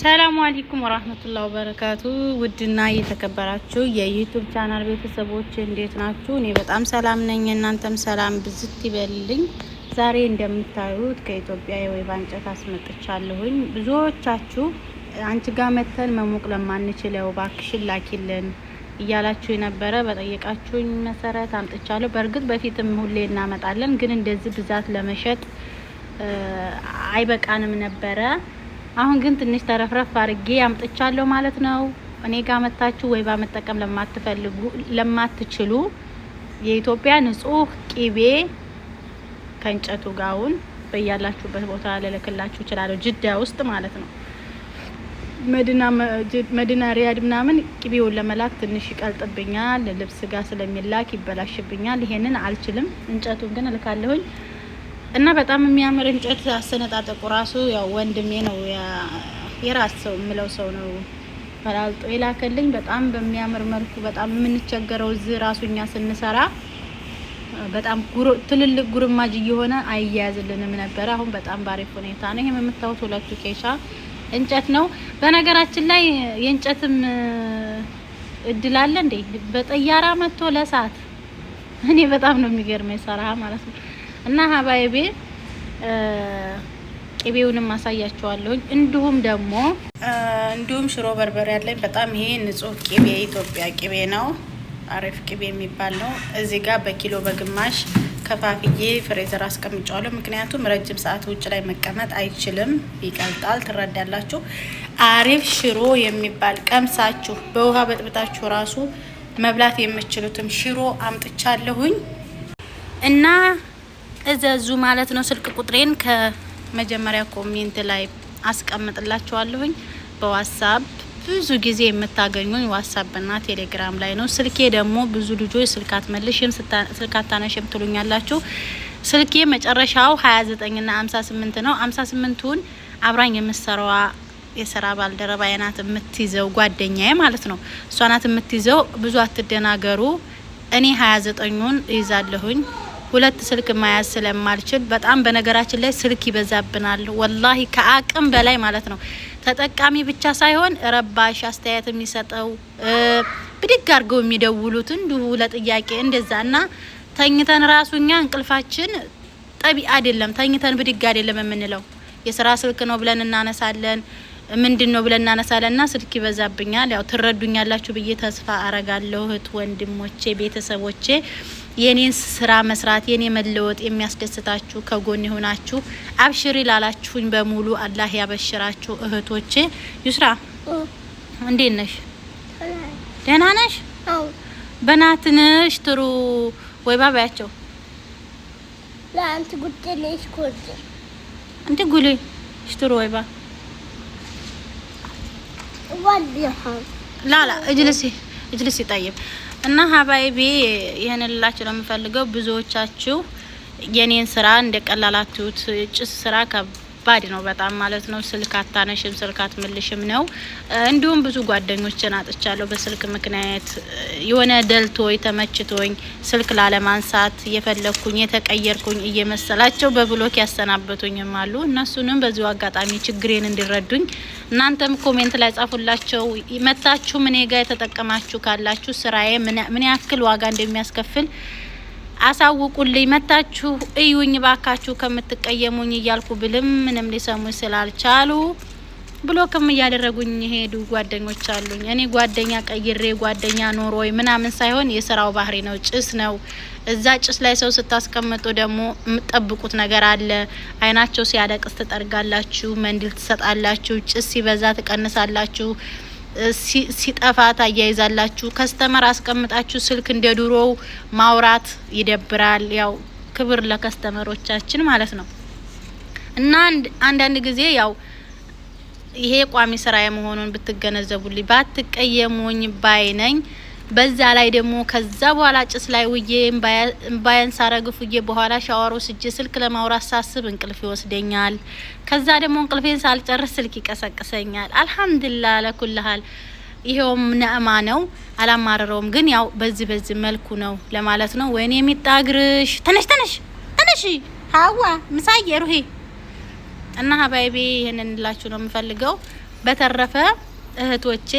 ሰላሙ አለይኩም ወራህመቱላሂ ወበረካቱ። ውድና የተከበራችሁ የዩቱብ ቻናል ቤተሰቦች እንዴት ናችሁ? እኔ በጣም ሰላም ነኝ፣ እናንተም ሰላም ብዝት ይበልልኝ። ዛሬ እንደምታዩት ከኢትዮጵያ የወይባ እንጨት አስመጥቻለሁኝ። ብዙዎቻችሁ አንቺ ጋር መተን መሞቅ ለማንችለው እባክሽን ላኪልን እያላችሁ የነበረ በጠየቃችሁኝ መሰረት አምጥቻለሁ። በእርግጥ በፊትም ሁሌ እናመጣለን፣ ግን እንደዚህ ብዛት ለመሸጥ አይበቃንም ነበረ አሁን ግን ትንሽ ተረፍረፍ አድርጌ አምጥቻለሁ ማለት ነው። እኔ ጋር መታችሁ ወይባ መጠቀም ለማትፈልጉ ለማትችሉ የኢትዮጵያ ንጹህ ቂቤ ከእንጨቱ ጋውን በያላችሁበት ቦታ ልልክላችሁ እችላለሁ። ጅዳ ውስጥ ማለት ነው። መዲና ሪያድ ምናምን ቂቤውን ለመላክ ትንሽ ይቀልጥብኛል። ልብስ ጋር ስለሚላክ ይበላሽብኛል። ይሄንን አልችልም። እንጨቱን ግን እልካለሁኝ። እና በጣም የሚያምር እንጨት አሰነጣጠቁ ራሱ ያው ወንድሜ ነው የራስ ሰው የምለው ሰው ነው ፈላልጦ የላከልኝ። በጣም በሚያምር መልኩ በጣም የምንቸገረው እዚህ ራሱ እኛ ስንሰራ በጣም ትልልቅ ጉርማጅ እየሆነ አያያዝልንም ነበረ። አሁን በጣም ባሪፍ ሁኔታ ነው። ይህም የምታዩት ሁለቱ ኬሻ እንጨት ነው። በነገራችን ላይ የእንጨትም እድል አለ እንዴ! በጠያራ መጥቶ ለሰዓት እኔ በጣም ነው የሚገርመኝ ሰራ ማለት ነው እና ሀባይቤ ቅቤውንም ማሳያቸዋለሁ እንዲሁም ደግሞ እንዲሁም ሽሮ በርበሬ ያለኝ በጣም ይሄ ንጹህ ቅቤ የኢትዮጵያ ቅቤ ነው። አሪፍ ቅቤ የሚባል ነው። እዚህ ጋር በኪሎ በግማሽ ከፋፍዬ ፍሬዘር አስቀምጫዋለሁ። ምክንያቱም ረጅም ሰዓት ውጭ ላይ መቀመጥ አይችልም፣ ይቀልጣል። ትረዳላችሁ። አሪፍ ሽሮ የሚባል ቀምሳችሁ በውሃ በጥብጣችሁ ራሱ መብላት የምችሉትም ሽሮ አምጥቻለሁኝ እና እዘዙ ማለት ነው። ስልክ ቁጥሬን ከመጀመሪያ ኮሜንት ላይ አስቀምጥላችኋለሁኝ። በዋትሳፕ ብዙ ጊዜ የምታገኙኝ ዋትሳፕና ቴሌግራም ላይ ነው። ስልኬ ደግሞ ብዙ ልጆች ስልክ አትመልሽም፣ ስልክ አታነሽም ትሉኛላችሁ። ስልኬ መጨረሻው 29ና 58 ነው። 58ቱን አብራኝ የምሰራዋ የስራ ባልደረባ ናት የምትይዘው ጓደኛዬ ማለት ነው። እሷ ናት የምትይዘው። ብዙ አትደናገሩ። እኔ 29ኙን ይዛለሁኝ። ሁለት ስልክ መያዝ ስለማልችል በጣም በነገራችን ላይ ስልክ ይበዛብናል። ወላሂ ከአቅም በላይ ማለት ነው። ተጠቃሚ ብቻ ሳይሆን ረባሽ አስተያየት የሚሰጠው ብድግ አድርገው የሚደውሉት እንዲሁ ለጥያቄ እንደዛ እና ተኝተን ራሱ እኛ እንቅልፋችን ጠቢ አይደለም ተኝተን ብድግ አይደለም የምንለው የስራ ስልክ ነው ብለን እናነሳለን። ምንድን ነው ብለን እናነሳለና ስልክ ይበዛብኛል። ያው ትረዱኛላችሁ ብዬ ተስፋ አረጋለሁ። እህት ወንድሞቼ፣ ቤተሰቦቼ የኔን ስራ መስራት የኔ መለወጥ የሚያስደስታችሁ ከጎን የሆናችሁ አብሽሪ ላላችሁኝ በሙሉ አላህ ያበሽራችሁ። እህቶቼ ዩስራ እንዴት ነሽ? ደህና ነሽ? በናትንሽ ትሩ ወይ ባባያቸው ለአንት ጉድ ኮርጭ እንት ጉሌ ሽትሩ ወይ ባ ላላ እጅልሴ እጅልሴ ጠይብ እና ሀባይቤ ይህን ልላችሁ ነው የምፈልገው። ብዙዎቻችሁ የኔን ስራ እንደ ቀላላችሁት ጭስ ስራ ከብ ከባድ ነው በጣም ማለት ነው። ስልክ አታነሽም፣ ስልክ አትመልሽም ነው። እንዲሁም ብዙ ጓደኞችን አጥቻለሁ በስልክ ምክንያት። የሆነ ደልቶኝ ተመችቶኝ ስልክ ላለማንሳት እየፈለግኩኝ የተቀየርኩኝ እየመሰላቸው በብሎክ ያሰናበቱኝም አሉ። እነሱንም በዚሁ አጋጣሚ ችግሬን እንዲረዱኝ እናንተም ኮሜንት ላይ ጻፉላቸው። መታችሁ እኔ ጋ የተጠቀማችሁ ካላችሁ ስራዬ ምን ያክል ዋጋ እንደሚያስከፍል አሳውቁልኝ፣ መታችሁ እዩኝ ባካችሁ ከምትቀየሙኝ እያልኩ ብልም ምንም ሊሰሙኝ ስላልቻሉ ብሎክም እያደረጉኝ የሄዱ ጓደኞች አሉኝ። እኔ ጓደኛ ቀይሬ ጓደኛ ኖሮይ ምናምን ሳይሆን የስራው ባህሪ ነው። ጭስ ነው። እዛ ጭስ ላይ ሰው ስታስቀምጡ ደግሞ የምጠብቁት ነገር አለ። አይናቸው ሲያለቅስ ትጠርጋላችሁ፣ መንድል ትሰጣላችሁ፣ ጭስ ሲበዛ ትቀንሳላችሁ። ሲጠፋ ታያይዛላችሁ። ከስተመር አስቀምጣችሁ ስልክ እንደ ድሮው ማውራት ይደብራል። ያው ክብር ለከስተመሮቻችን ማለት ነው እና አንዳንድ ጊዜ ያው ይሄ ቋሚ ስራ የመሆኑን ብትገነዘቡልኝ ባትቀየሙኝ ባይ ነኝ። በዛ ላይ ደግሞ ከዛ በኋላ ጭስ ላይ ውዬ እምባያን ሳረግፍ ውዬ በኋላ ሻወር ወስጄ ስልክ ለማውራት ሳስብ እንቅልፍ ይወስደኛል። ከዛ ደግሞ እንቅልፌን ሳልጨርስ ስልክ ይቀሰቅሰኛል። አልሐምዱላ ለኩልሃል ይሄውም ነእማ ነው፣ አላማረረውም። ግን ያው በዚህ በዚህ መልኩ ነው ለማለት ነው። ወይኔ የሚጣግርሽ ተነሽ ተነሽ ተነሽ ሀዋ ምሳዬ ሩሄ እና ሀባይቤ ይህንን ላችሁ ነው የምፈልገው። በተረፈ እህቶቼ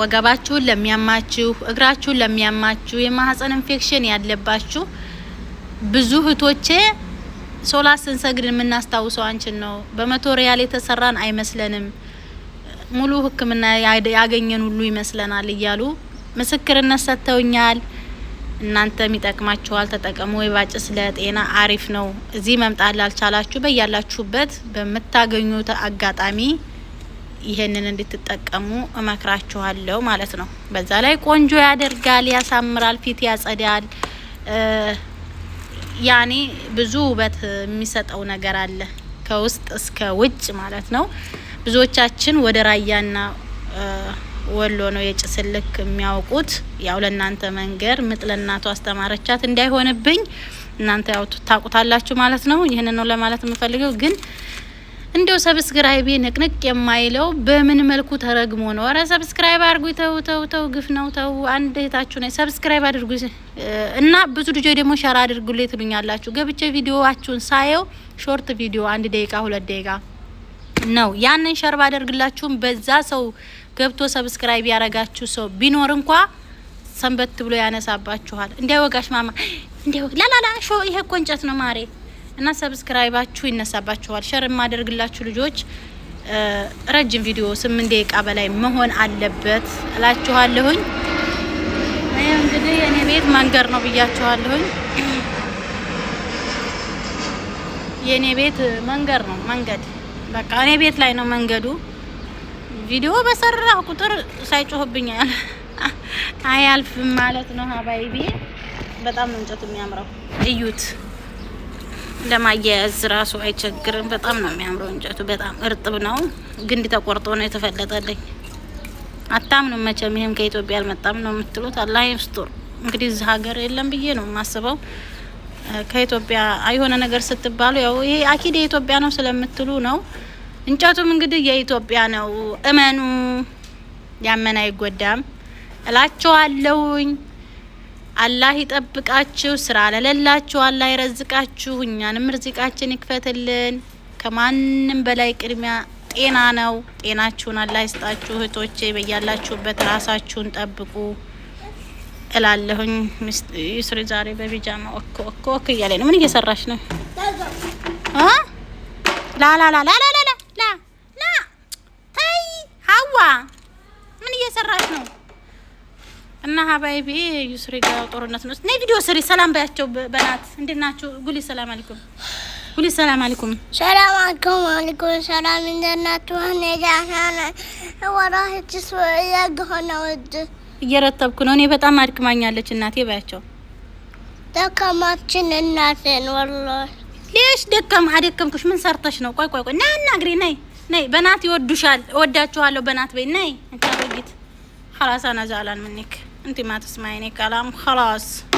ወገባችሁን ለሚያማችሁ፣ እግራችሁን ለሚያማችሁ፣ የማህፀን ኢንፌክሽን ያለባችሁ ብዙ እህቶቼ ሶላት ስንሰግድ የምናስታውሰው አንችን ነው። በመቶ ሪያል የተሰራን አይመስለንም ሙሉ ሕክምና ያገኘን ሁሉ ይመስለናል እያሉ ምስክርነት ሰጥተውኛል። እናንተም ይጠቅማችኋል፣ ተጠቀሙ። የባጭስ ለጤና አሪፍ ነው። እዚህ መምጣት ላልቻላችሁ በያላችሁበት በምታገኙት አጋጣሚ ይሄንን እንድትጠቀሙ እመክራችኋለሁ ማለት ነው። በዛ ላይ ቆንጆ ያደርጋል፣ ያሳምራል፣ ፊት ያጸዳል። ያኔ ብዙ ውበት የሚሰጠው ነገር አለ ከውስጥ እስከ ውጭ ማለት ነው። ብዙዎቻችን ወደ ራያና ወሎ ነው የጭስልክ የሚያውቁት። ያው ለእናንተ መንገር ምጥ ለእናቱ አስተማረቻት እንዳይሆንብኝ እናንተ ያው ታውቁታላችሁ ማለት ነው። ይህንን ነው ለማለት የምፈልገው ግን እንደው ሰብስክራይቤ ንቅንቅ የማይለው በምን መልኩ ተረግሞ ነው? ኧረ ሰብስክራይብ አድርጉ። ተው ተው ተው፣ ግፍ ነው። ተው አንድ እህታችሁ ነው ሰብስክራይብ አድርጉ እና ብዙ ልጆች ደግሞ ሸራ አድርጉልኝ ትሉኛላችሁ። ገብቼ ቪዲዮዋችሁን ሳየው ሾርት ቪዲዮ አንድ ደቂቃ ሁለት ደቂቃ ነው። ያንን ሸር ባደርግላችሁም በዛ ሰው ገብቶ ሰብስክራይብ ያረጋችሁ ሰው ቢኖር እንኳ ሰንበት ብሎ ያነሳባችኋል። እንዲያው ወጋሽ ማማ እንዲያው ላላላ ሾ ይሄ እኮ እንጨት ነው ማሬ እና ሰብስክራይባችሁ ይነሳባችኋል። ሸር የማደርግላችሁ ልጆች ረጅም ቪዲዮ ስምንት ደቂቃ በላይ መሆን አለበት እላችኋለሁኝ። እንግዲህ የእኔ ቤት መንገድ ነው ብያችኋለሁኝ። የእኔ ቤት መንገድ ነው መንገድ በቃ እኔ ቤት ላይ ነው መንገዱ። ቪዲዮ በሰራ ቁጥር ሳይጮህብኛል አያልፍም ማለት ነው። ሀባይቤ በጣም ነው እንጨት የሚያምረው እዩት። ለማያያዝ ራሱ አይቸግርም። በጣም ነው የሚያምረው። እንጨቱ በጣም እርጥብ ነው። ግንድ ተቆርጦ ነው የተፈለጠልኝ። አታምኑ መቼም። ይህም ከኢትዮጵያ አልመጣም ነው የምትሉት። አላህ ይስጥር። እንግዲህ እዚህ ሀገር የለም ብዬ ነው የማስበው። ከኢትዮጵያ የሆነ ነገር ስትባሉ ያው ይሄ አኪድ የኢትዮጵያ ነው ስለምትሉ ነው። እንጨቱም እንግዲህ የኢትዮጵያ ነው። እመኑ፣ ያመን አይጎዳም እላቸዋለውኝ? አላህ ይጠብቃችሁ። ስራ ለሌላችሁ አላህ ይረዝቃችሁ። እኛንም ርዚቃችን ይክፈትልን። ከማንም በላይ ቅድሚያ ጤና ነው። ጤናችሁን አላህ ይስጣችሁ። እህቶቼ በያላችሁበት ራሳችሁን ጠብቁ እላለሁኝ። ዩስሪ ዛሬ በቢጃማ ወክ ወክ ወክ እያለ ነው። ምን እየሰራሽ ነው? ላላላላላላላ ላ ታይ ሀዋ ምን እየሰራሽ ነው? እና ሀባይቢ ዩስሪ ጋር ጦርነት ነው። ነይ ቪዲዮ ስሪ። ሰላም ባያቸው በናት እንዴት ናችሁ? ጉሊ ሰላም አለይኩም፣ ጉሊ ሰላም አለይኩም፣ ሰላም አለይኩም፣ አለይኩም ሰላም እንዴት ናችሁ? እኔ ዳህና ወራህ ጭስ ያገሆነ ወድ እየረተብኩ ነው። እኔ በጣም አድክማኛለች እናቴ ባያቸው። ደከማችን እናቴን ወላሂ። ሌሽ ደከም አደከምኩሽ? ምን ሰርተሽ ነው? ቆይ ቆይ ቆይ፣ ና አናግሪ። ነይ ነይ፣ በናት ይወዱሻል። እወዳችኋለሁ በናት በይ። ነይ እንታ ወጊት ሀላሳ ናዛላን ምንክ انت ما تسمعيني كلام خلاص